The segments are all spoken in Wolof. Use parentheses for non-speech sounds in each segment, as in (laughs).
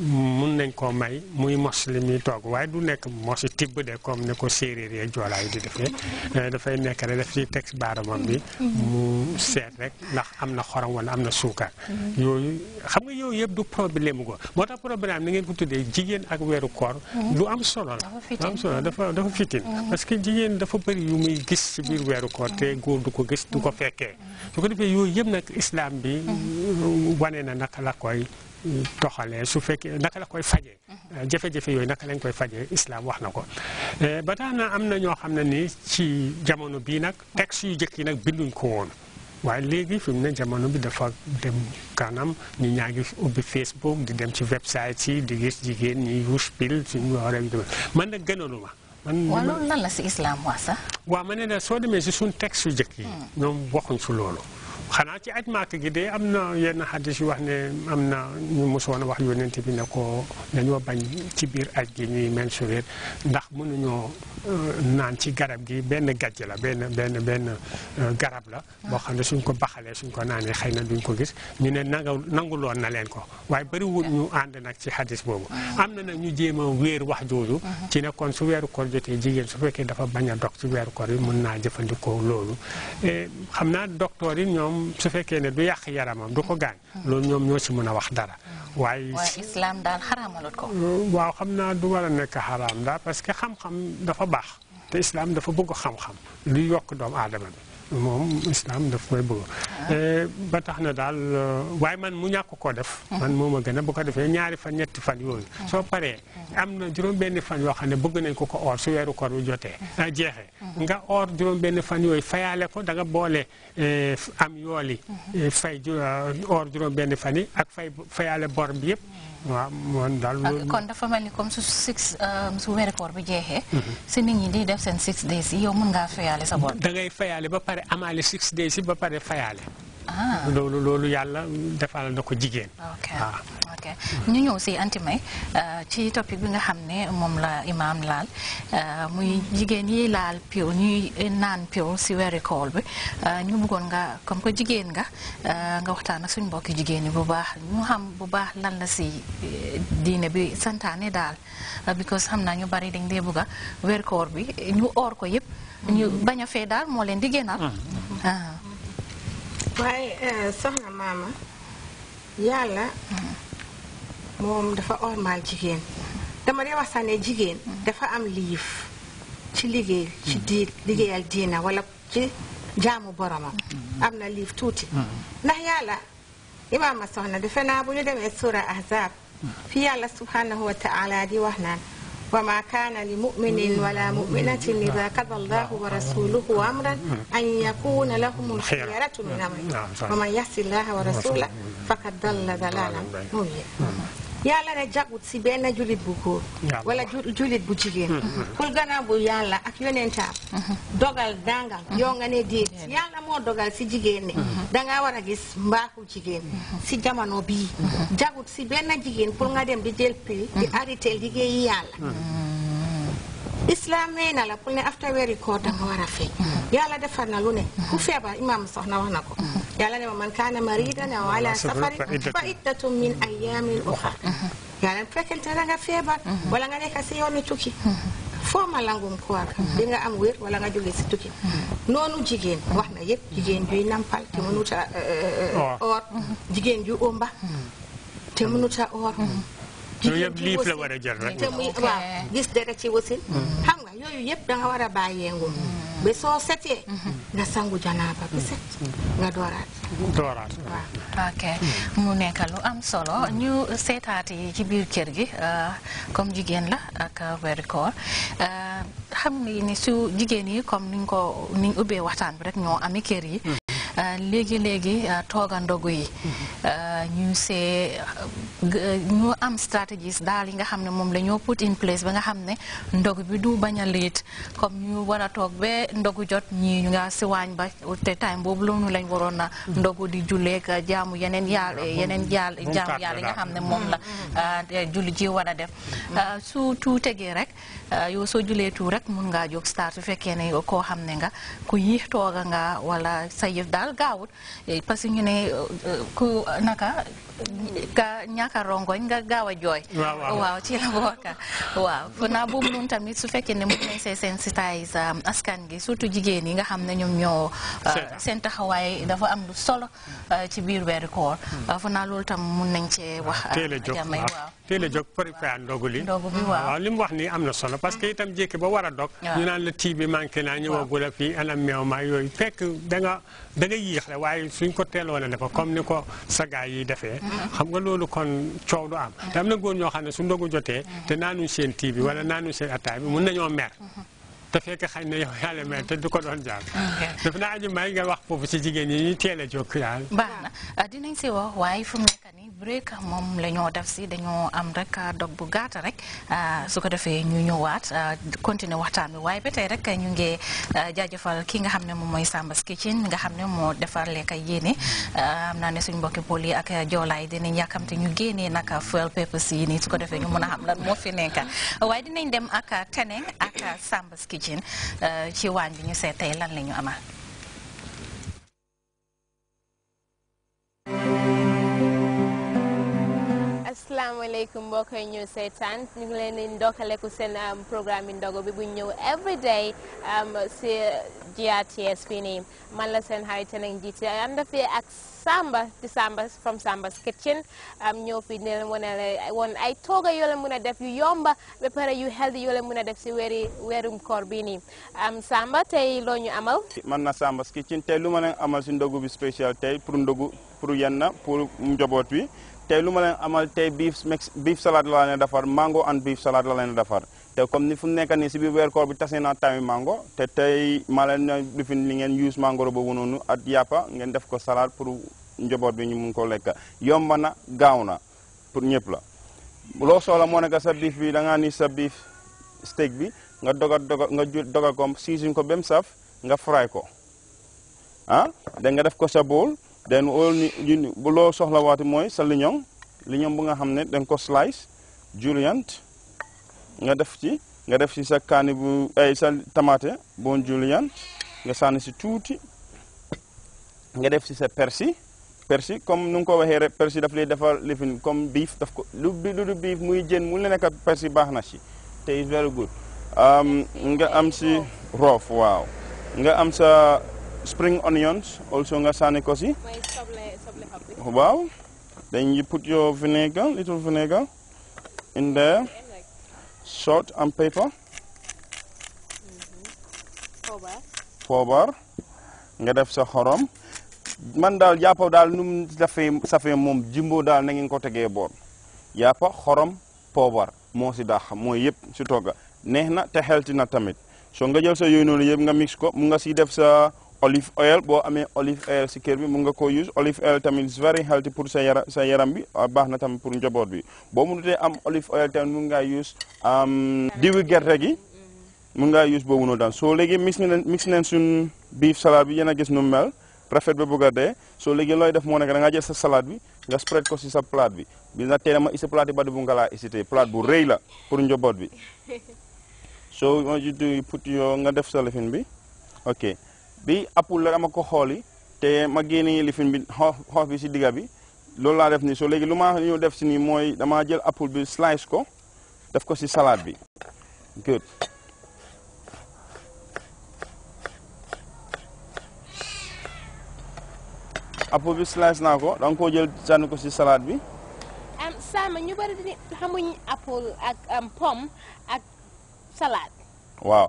mun nañ koo may muy mos li muy toog waaye du nekk mosi tibb de comme ne ko séeréer yeeg joolaa yi di defee eh, dafay nekk rek daf ci teg baaraamam bi mu seet rek ndax am na xorom wala am na suukar yooyu xam nga yooyu yëpp du problème ko moo tax problème ni ngeen ko tuddee jigéen ak weeru koor lu am solo la lu am solo dafa dafa fitin mm-hmm. parce que jigéen dafa bëri yu muy gis ci biir weeru koor te góor du ko gis du ko fekkee su ko defee yooyu yëpp nag islam bi mm-hmm. wane na naka doxalee su fekkee naka la koy fajee mhm. jafe-jafe yooyu naka lañ koy faje islam wax na ko eh, ba tax na am na ñoo xam ne ni ci jamono bii nag texte yu jëkk yi nag binduñ ko woon waaye léegi fi mu jamono bi dafa dem kanam ñu ñaa ngi ubbi Facebook di dem ci website yi di gis jigéen ñi use pil suñu war a man na gënaluma man waaw loolu lan la si islam wax sax. waaw ma ne la soo demee si suñ texte yu jëkk yi hmm. ñoom waxuñ su loolu xanaa ci aj maaka gi de am na yenn xaddis yu wax ne am na ñu mosoon a wax yónent bi ne ko dañoo bañ ci biir aj gi ñuy mensurer ndax mënuñoo naan ci garab gi benn gajj la benn benn benn garab la boo xam ne suñ ko baxalee suñ ko naanee xëy na duñ ko gis ñu ne nanga nanguloon na leen ko waaye bëriwul ñu ànd nag ci xaddis boobu am na nag ñu jéem a wéer wax jooju ci ne kon su weeru koor jotee jigéen su fekkee dafa bañ a dog ci weeru koor yi mën naa jëfandikoo loolu xam naa docteur yi ñoom moom su fekkee ne du yàq yaramam du ko gaañ. loolu ñoom ñoo ci mën a wax dara. waaye islam daal xaraamalut ko. waaw xam naa du war a nekk xaraam daal parce que xam-xam dafa baax. te islam dafa bëgg xam-xam. luy yokk doomu aadama bi. moom islam daf koy bëgg ah. eh, ba tax na daal eh, waaye man mu ñàkk koo def mm-hmm. man moom a gën a bu ko defee ñaari fan ñetti fan yooyu mm-hmm. soo paree mm-hmm. am na juróom benni fan yoo xam ne bëgg nañ ko ko or su weeru koor wu jotee ah, jeexee nga or juróom benn fan yooyu fayaale ko da nga boole eh, am yooli fay or juróom benn fan yi ak fay fayaale bor bi yëpp waaw man daal kon dafa mel ni comme su six euh, su weeru koor bi jeexee. Mhm. si nit ñi di def seen six days yi yow mën ngaa fayaale sa bor. da ngay fayaale ba pare amaale six days yi ba pare fayaale. Ah. loolu loolu yàlla defal la ko jigéen. waaw ah. ñu ñëw si antimay euh, ci topic bi nga xam ne moom la imaam laal euh, muy jigéen yi laal piw ñuy naan piw si weeri kool bi euh, ñu buggoon nga comme que jigéen nga nga waxtaan ak suñ mbokki jigéen yi bu baax ñu xam bu baax lan la si diine bi santaane daal because xam naa ñu bari dañ dee bëgga weer koor bi ñu oor ko yëpp ñu baña a fee daal moo leen di génnal ah. ah. waaye soxna maama yàlla mm-hmm. moom dafa ormal jigéen dama dee wax sax ne jigéen dafa am liif ci liggéey ci diir liggéeyal diina wala ci jaamu boromam am na liif tuuti ndax yàlla imaama soxna defe naa bu ñu demee suura ahzab fi yàlla subhanahu wa taala di wax naan وما كان لمؤمن ولا مؤمنة إذا قضى الله ورسوله أمرا أن يكون لهم الخيرة من أمره ومن يعص الله ورسوله فقد ضل ضلالا مبينا yàlla mm-hmm. mm-hmm. mm-hmm. ne jagut si benn julit bu góor wala julit bu jigéen kul gannaaw bu yàlla ak yonentaam dogal dangal yoo nga ne déet yàlla moo dogal si jigéen ne danga war a gis mbaaxu jigéen si jamono bii jagut si benn jigéen pour nga dem di jël prix di arrêté liggéeyi yàlla islam nee na la pour ne after weeri koor danga war a yàlla defar na lu ne ku feebar ma imaam soxna wax na ko yàlla ne ma man kaana maridan aw ala safari fa iddatum min ayaamin uxar yàlla fekkente ne danga feebar wala nga nekk si yoonu tukki foo ma langum koor di am wér wala nga jógee si tukki noonu jigéen wax na yëpp jigéen juy nampal te mënuta eh, eh, eh, oor jigéen ju omba te mënuta loolu yëpp liif war a jël rek. gis dara mm. nga yooyu yëpp da war a bàyyeengoo. Mm. ba soo setee. Mm-hmm. nga sangu janaaba bi set. Mm-hmm. Mm-hmm. nga dooraat. ok mm. mu nekk lu am solo ñu seetaat yi ci biir kër gi euh, comme jigéen la ak weeru euh, xam nga ni su jigéen yi comme ni ko ni ubbee waxtaan bi rek ñoo amee kër yi. Euh, léegi léegi toogandogu yi. ñu see euh, ñu am stratégies daal yi nga xam ne moom la ñoo put in place ba nga xam ne ndog bi du baña a liit comme ñu war a toog ba ndogu jot ñi ñu nga si waañ ba te time boobu loolu lañ waroon na mm. ndogu di julleeg jaamu yeneen yàlla mm. yeneen yàlla jaamu yaal yi nga xam ne moom la mm. euh, julli ji war a def euh, su tuu tegee rek yow soo julee tu rek mun ngaa jóg start su fekkee ne koo xam ne nga ku yiix tooga nga wala sa yëf daal gaawut eh, parce que ne ku naka that ka ñàkk a rongoñ nga gaaw a jooy waaw ci la naa boobu noonu tamit su fekkee ne mën nañ see sensitise um, askan gi surtout jigéen yi nga xam ne ñoom ñoo uh, seen taxawaay dafa am lu solo uh, ci biir weeru koor hmm. uh, fu naa loolu tam mun nañ cee wax jamay waaw teel a jóg préparé ndogu li waaw li mu wax nii am na solo parce que itam jékki ba war a dog ñu naan la tii bi manqué naa ñëwagul a fii anam meew maa yooyu fekk danga nga da nga yéex la waaye suñ ko teeloo a defa comme ni ko sa gaay yi defee xam nga loolu kon coow du am mm-hmm. te am na góor ñoo xam ne su ndogu jotee te naanuñ seen tii bi wala naanuñ seen attaay bi mun nañoo mer mm-hmm. te fekk xañ na yow yaa may ko doon jaar. Ah, daf naa aju may nga wax foofu ci jigéen ñi ñuy teel a yaal. baax na ah, dinañ si wax waaye fu mu ni nii break moom la ñoo def si dañoo am rek ah, dog bu gaata rek su ko defee ñu ñëwaat continue waxtaan bi waaye ba tey rek ñu ngi jaajëfal ki nga xam ne moom mooy Samba's Kitchen nga xam ne moo defar lekk yéene am naa ne suñ mbokki Pël yi ak joolaay dinañ yàkkamte ñu génnee naka fuel peppers yi ni su ko defee ñu mën a xam lan moo fi nekk waaye dinañ dem ak Teneng Kitchen eh, ci waañ bi ñu seet tey lan la ñu amal. asalaamaaleykum mbokk yi ñu seetaan ñu leen di ndokkaleku seen um, programme yi ndogu bi bu ñëw everyday um, si GRTS fii nii man la seen xarit nag njiiti ànd fi ak Samba di Samba from Samba's Kitchen um, ñëw fii ne leen wane woon ay tooga yoo leen mën a def yu yomba ba pare yu healthy yoo leen mën a def si weri weerum koor bii nii Samba tey loo ñu amal. man na Samba's Kitchen tey lu ma leen amal si ndogu bi spécial tey pour ndogu pour yenn pour njaboot wi. tay luma len amal tay beef beef salad la len defar mango and beef salad la len defar tay comme ni fu nek ni ci bi wer koor bi tassena mango te tay ma leen ne li ngeen use mango boobu noonu at yapa ngeen def ko salad pour njobot bi ñu mën ko lek yombana gawna pour ñëpp la lo soxla moo nekk sa beef bi da nga ni sa beef steak bi nga doga doga nga doga ko season ko bem saf nga fry ko ah da nga def ko sa bowl then ni bu lo soxla wati moy sa liñoŋ liñoŋ bu nga xamne dang ko slice juliant nga def ci nga def ci sa kaani bu ay sa tomate bon juliant nga sanni si touti nga def ci sa persi persi comme nung ko waxe persil persi daf lay defal lifin comme beef daf ko lu du beef muy jën mu la persi baax te is very good um, nga am ci rof wow nga am sa spring onions also nga sànni ko si. mooy then you put your vinegar little vinegar in there salt and pepper. poobar. Mm-hmm. poobar nga def sa xorom man daal yàppa daal nu mu safee safee moom jimbo daal na ngeen ko tegee boor yàppa xorom poobar moo si dàq mooy yëpp si togga neex na te xelti na tamit soo nga jël sa yooyu noonu yëpp nga mix ko mu nga si def sa olive oil bo amé olive oil ci kër bi mu nga ko use olive oil tamit is very healthy pour sa yaram sa yaram bi baxna na tamit pour njobot bi mu nuté am olive oil tamit mu nga use diwi gerte gi mu nga use bo noonu dan. So légui mix na mix na sun beef salad bi yena gis nu mel rafet ba So a so légui loy def mo nekk da nga jël sa salad bi nga spread ko ci sa plate bi bi na teel ma isi plate ba du nga laa isité plate bu reuy la pour njobot bi (laughs) so what you do you put your nga def salafin bi okay. bi appul la dama ko xooli te ma génnee lifin bi xoof xoof bi si digga bi loolu laa def nii soo léegi lu ma ñëw def si nii mooy damaa jël appul bi slice ko def ko si salade bi ko da nga jël sànni ko si salaat bi. Sama ñu bari di xamuñ appul ak pomme ak salade. waaw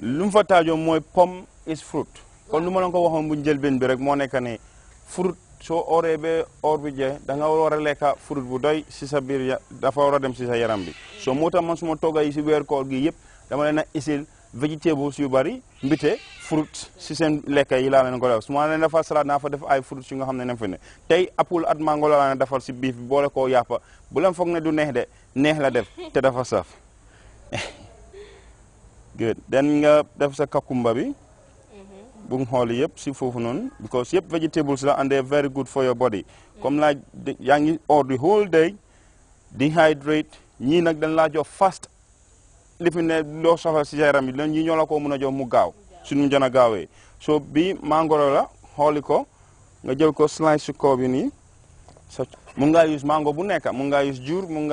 lu mu fa taajoo mooy pomme. is fruit kon nu ma la ko waxoon bu njëlbeen bi rek moo nekk ne fruit soo oree ba or bu jeex da nga war a lekka fruit bu doy si sa biir dafa war a dem si sa yaram bi soo moo tax man suma togga yi si weer koor gi yëpp dama leen a isil vegetables yu bari mbite fruit si seen lekk yi laa leen ko def su ma leen defal salade naa fa def ay fruit yu nga xam ne ne fa ne tey apple at mango laa leen defal si biif bi boole koo yàppa bu leen foog ne du neex de neex la def te dafa saf (laughs) good nga def sa kakumba bi bu mu xool yëpp si foofu noonu because yëpp vegetables la and they are very good for your body. comme la yaa ngi or the whole day dehydrate ñii nag dañ laa jox fast li fi ne loo soxla si yaram bi lan ñii ko mën a jox mu gaaw suñu jën a gaawee so bii mangoro la xooli ko nga jël ko slice si kaw bi mun ngaa use mango bu nekk mun ngaa use jur mun